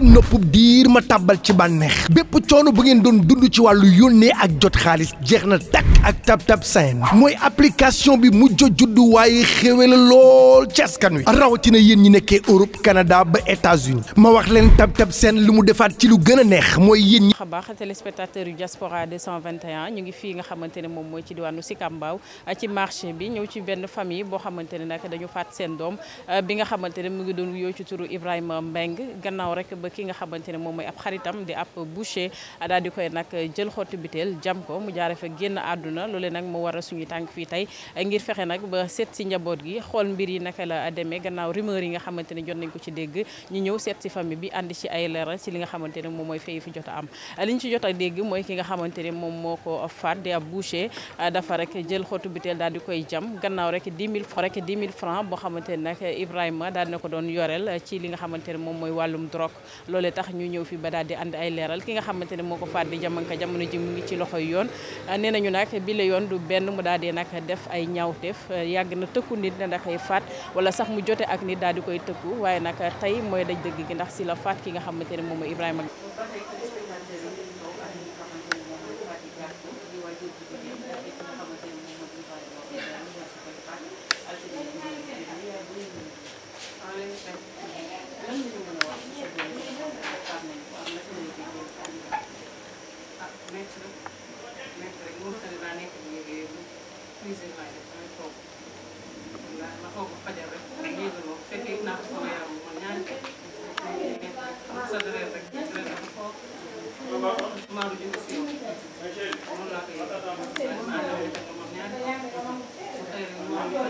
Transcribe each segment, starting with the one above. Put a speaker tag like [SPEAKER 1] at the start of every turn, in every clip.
[SPEAKER 1] seen noppub diir ma tàbbal ci bànneex bépp coono bu ngeen doon dund ci wàllu yónnee ak jot xaalis jeex na takk ak tab tab seen mooy application bi mu mujj juddu waaye xéwe la lool ci askan wi rawatina yéen ñi nekkee Europe Canada ba États-Unis ma wax leen tab tab seen li mu defaat ci lu gën a neex mooy yéen ñi
[SPEAKER 2] baax téléspectateur yu diaspora 221 ñu ngi fii nga xamante ne moom mooy ci diwaanu Sicap Mbao ci marché bi ñëw ci benn famille boo xamante ne nag dañu faat seen doom bi nga mu ngi doon wuyoo ci turu Ibrahima Mbeng ba muy ab xaritam di ab boucher daal di koy nag jël xottu biteel jam ko mu jaare fa génn àdduna loole nag moo war a suñu tànk fii tey ngir fexe nag ba seet si njaboot gi xool mbir yi naka la demee gannaaw rumeur yi nga xamante ne jot nañ ko ci dégg ñu ñëw seet si famille bi andi ci ay leeral ci li nga xamante ne moom mooy fay fi jot a am li ñu jot a dégg mooy ki nga xamante ne moom moo ko faat di ab boucher dafa rek jël xottu biteel daal di koy jam gannaaw rek 10 000 rek 10 000 francs boo xamante ne nag Ibrahima daal dina ko doon yoreel ci li nga xamante ne moom mooy wàllum drogue fi ba daal di ànd ay leeral ki nga xamante ne moo ko faat di jamanka jamono ji mu ngi ci loxoy yoon ah, nee nañu nag bi la yoon du benn mu daal di nag def ay ñaawteef ah, yàgg na tëkku nit ne da koy faat wala sax mu jote ak nit daal di koy tëkku waaye nag tey mooy daj dëgg gi ndax si la faat ki nga xamante ne moom mooy Ibrahima
[SPEAKER 1] cuisine laay def damay toog waaw ma toog fajar rek lii la moom fekkee naa ko sama yaram ma ñaari kër sa dërër rek dërër dafa foog maaru jëm si moom laa koy yëg maa ngi lay def moom ñaari kër bu tey rek moom ñu koy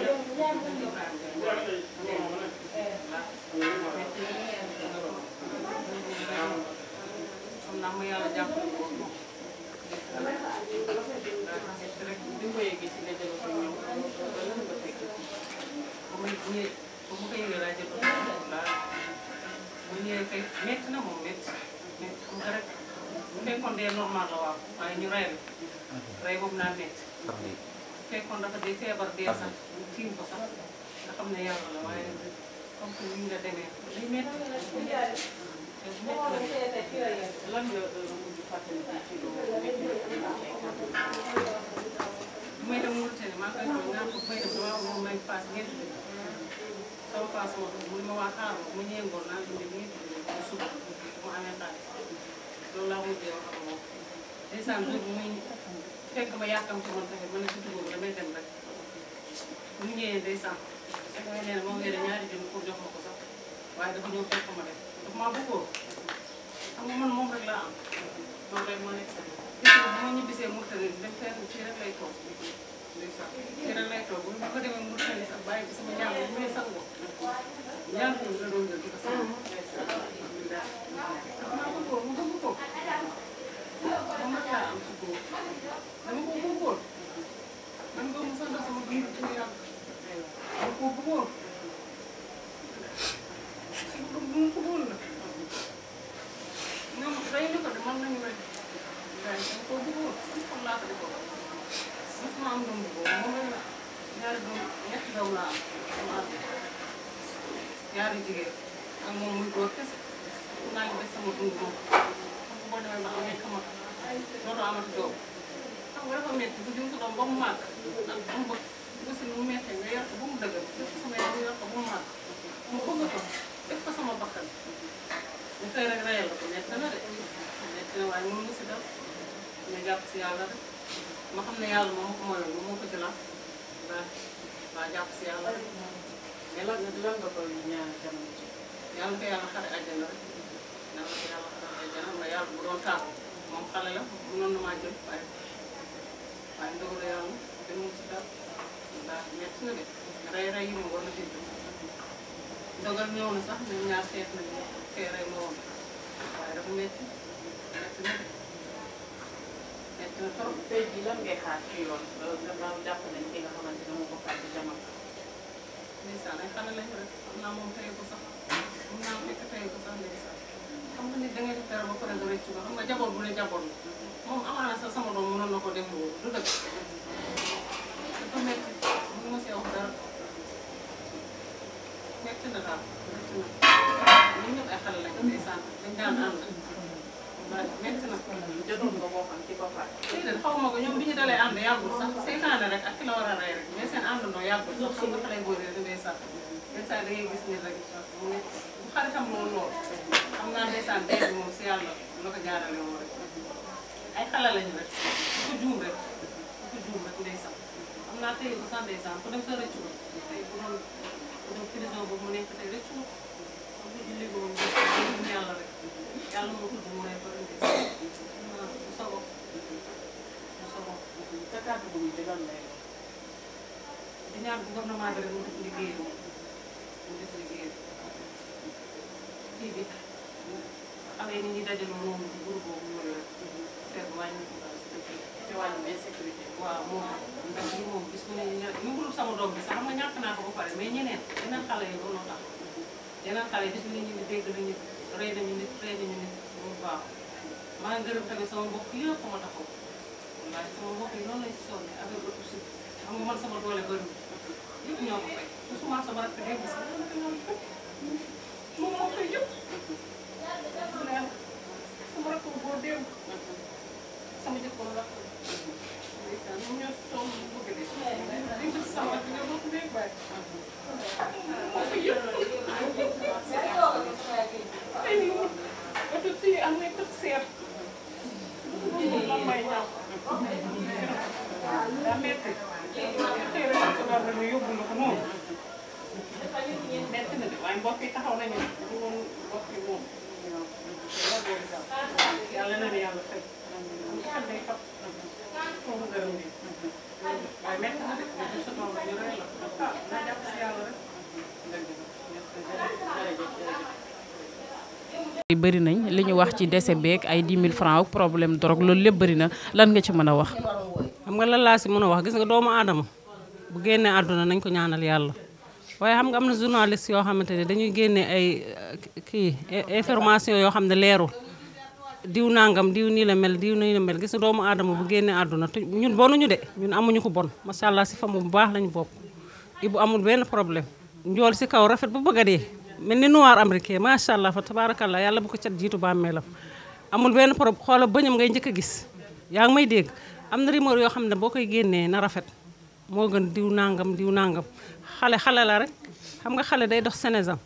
[SPEAKER 1] def xam naa ma yàlla jàppale ko lan nga mujj
[SPEAKER 2] fàttali ci
[SPEAKER 1] muy dem Mauritanie maa koy xool naan ko bay dem damaa woo may paas ñeenti bi sama paas ma mu ne ma waa xaar ma mu ñeengoon naan ko dem ñeenti bi mu suba mu amee xaalis loolu laa mujjee wax ak moom ndeysaan jour bi muy fekk ma yàkkam ci man tamit ma ne si dugub damay dem rek bu mu ñëwee ndeysaan fekk nga nee na moom yore ñaari junni pour jox ma ko sax waaye dafa ñëw fekk ma def dafa maa bëggoo xam nga man moom rek laa am moom rek moo nekk sax gis nga bu ma ñibbisee Mourtada bi def feetu ci rek lay toog ci rek lay toog jigéen ak moom muy góor kese naa ngi des sama dund moom boo demee ba am nekk mag dootoo amati doom xam nga dafa métti bu jur sa doom ba mu màgg ndax bu mu bëgg bési mu méttee nga yor ko ba mu dëgër def sama yaay nga yor ko ba mu màgg mu bëgg ko def ko sama bakkan ñu xëy rek reyal la ko nekk na de nekk na waaye mënu nga si def nga jàpp si yàlla rek ma xam ne yàlla moom moo ko mooyoon moom moo ko jëlaat waaw waaw jàpp si yàlla rek mais lan lan nga koy ñaan jamono ji yàlla nga ko yàlla xare àjjana rek yàlla ko yàlla xare àjjana wala yàlla bu doon taamu moom xale la mënoon na maa jël waaye waaye ndogalu yàlla demul ci dara ndax métti na de rey rey yi moom war na dindi ndogal ñëw na sax ñun ñaar seet nañu ne
[SPEAKER 2] tey rey ma woon waaye dafa métti métti na de métti na trop. tey jii lan ngay xaar ci yoon nga jàpp nañu ki nga xamante ne moom bokkal ci jamono.
[SPEAKER 1] ndeysaan ay xale lañ rek xam naa moom tey ko sax xam naa fekk tey ko sax nga jaboot bu ne jaboot moom amaana sax sama doom mënoon na ko def loolu du dëkk dafa métti bu ma see wax dara
[SPEAKER 2] métti na daal métti na ñun ñëpp xale lañ ndeysaan dañ daan ànd métti na jotoon nga boo xam ci Fapal.
[SPEAKER 1] tey de xaw ma ko ñoom bi ñu dalee ànd yàggul sax seytaane rek ak ki la war a rey rek mais seen ànd noo yàggul sax xam nga xale góor yi dañu lay sax ndeysaan da ngay gis ni rek mu ne bu xaritam moom lool xam nga ndeysaan dee bi moom si yàlla la ko jaarale woon rek ay xale lañu rek bu ko juum rek bu ko juum rek ndeysaan xam naa tey bu sax ndeysaan ku dem sa rëccu ko tey bu doon bu doon prison boobu mu nekk tey rëccu ko xam nga julli boobu yàlla rek yàlla moo ko juum rek ñaan gouvernement bi rek mu def liggéeyam mu def liggéeyam kii bi xale yi ni ñuy dajale moom buur boobu noonu te wàññi te wàññi insécurité waaw moom ndax li moom gis mu ne ñu sama doom bi sax xam nga ñàkk naa ko ba pare mais ñeneen yeneen xale yi looloo tax yeneen xale yi gis mu ne ñu ngi dégg nañu rey nañu nit rey nañu nit bu baax maa gërëm tamit sama mbokk yëpp ma taxaw waaye sama mbokk yi noonu lañ si sonné affaire bi aussi xam nga man sama doole bëriwul yëpp ñoo ko fay Ousmane sama rakk dégg si moom moo koy daa métti xëy na sa bor la ñu yóbbu la ko noonu métti na de waaye mbokk yi taxaw nañu du woon mbokk yi moom yàlla na ne yàlla fay xel day fab foofu gërëm bi waaye métti na de sa doom ñu rey la
[SPEAKER 2] bëri nañ li ñu wax ci décès beeg ay 10 000 francs ak problème drogue loolu lépp bëri na lan nga ci mën a wax.
[SPEAKER 1] xam nga lan laa si mën a wax gis nga doomu aadama bu génnee àdduna nañ ko ñaanal yàlla waaye xam nga am na journaliste yoo xamante ne dañuy génne ay eh, kii eh, information yoo xam ne leerul diw nangam diw nii la mel diw nii la mel gis nga doomu aadama bu génnee àdduna te ñun ñu de ñun amuñu ko bon macha allah si famu bu baax lañu bokk. Ibu amul benn problème njool mel ni noir américain macha allah fa tabarakallah yàlla bu ko cat jiitu bàmmeelam amul benn problème xoola bëñam ngay njëkk a gis yaa ngi may dégg am na rumeur yoo xam ne boo koy génnee na rafet moo gën diw nàngam diw nàngam xale xale la rek xam nga xale day dox sénégal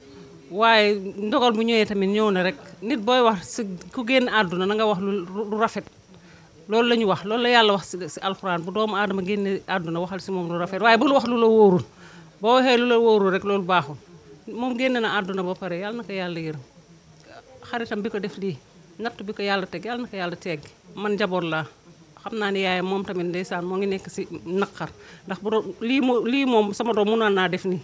[SPEAKER 1] waaye ndogal bu ñëwee tamit ñëw na rek nit booy wax si ku génn àdduna na nga wax lu rafet loolu la ñu wax loolu la yàlla wax si si alxuraan bu doomu adama génne àdduna waxal si moom lu rafet waaye bul wax lu la wóorul boo waxee la wóorul rek loolu baaxul moom génne na àdduna boo pare yàlla na ko yàlla yërëm xaritam bi ko def lii nattu bi ko yàlla teg yàlla na ko yàlla teggi man njaboot laa xam naa ne yaayam moom tamit ndeysaan moo ngi nekk si naqar ndax bu doon lii moo lii moom sama doom mënoon naa def nii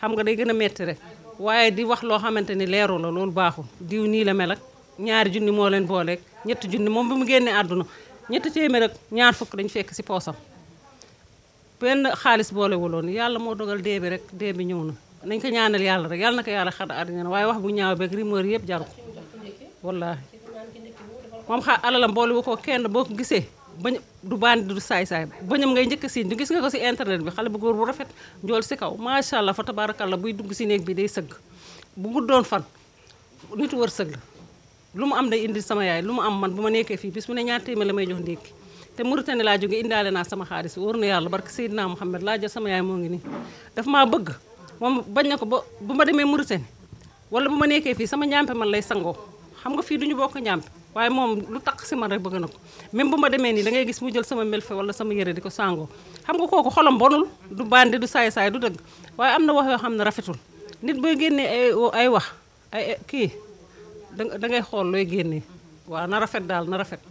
[SPEAKER 1] xam nga day gën a metti rek waaye di wax loo xamante ni leeru la loolu baaxul diw nii la mel ñaari junni moo leen booleeg ñetti junni moom bi mu génnee àdduna ñetti téeméer ak ñaar fukk dañu fekk si poosam benn xaalis boolewuloon yàlla moo dogal dee bi rek dee bi ñëw na nañ ko ñaanal yàlla rek yàlla na ko yàlla xar àddina waaye wax bu ñaaw beeg rumeur yëpp jaru ko wallaahi moom xaa alalam boole wu ko kenn boo ko gisee bañ du bandi du saay-saay bañam ngay njëkk siin du gis nga ko si internet bi xale bu góor bu rafet njool si kaw macha allah fa la buy dugg si néeg bi day sëgg bu guddoon fan nit wër sëgg la lu mu am day indi sama yaay lu mu am man bu ma nekkee fii bis mu ne ñaar téeméer la may jox ndékki te Mauritanie laa jóge indaale naa sama xaalis wóor na yàlla barke Seydina Mouhamed laa jël sama yaay moo ngi nii daf maa moom bañ na ko ba bu ma demee Mauritanie wala bu ma nekkee fii sama njàmpe man lay sangoo xam nga fii du duñu bokk njàmpe waaye moom lu taq si man rek bëgg na ko même bu ma demee nii da ngay gis mu jël sama mel fe wala sama yére di ko sangoo xam nga kooku xolam bonul du bandi du saay-saay du dëgg waaye am na wax yoo xam ne rafetul nit booy génnee ay wax ay kii da ngay xool looy génnee waaw na rafet daal na rafet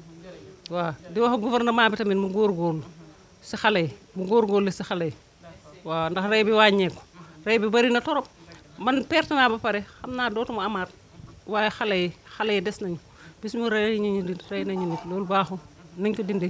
[SPEAKER 1] waaw di wax gouvernement bi tamit mu góorgóorlu si xale yi mu góorgóorlu si xale yi waaw ndax bi wàññeeku rey bi bari na torop man perte naa ba pare xam naa dootuma amaat waaye xale yi xale yi des nañu bis mu rey ñu nit rey nañu nit loolu baaxul nañ ko dindi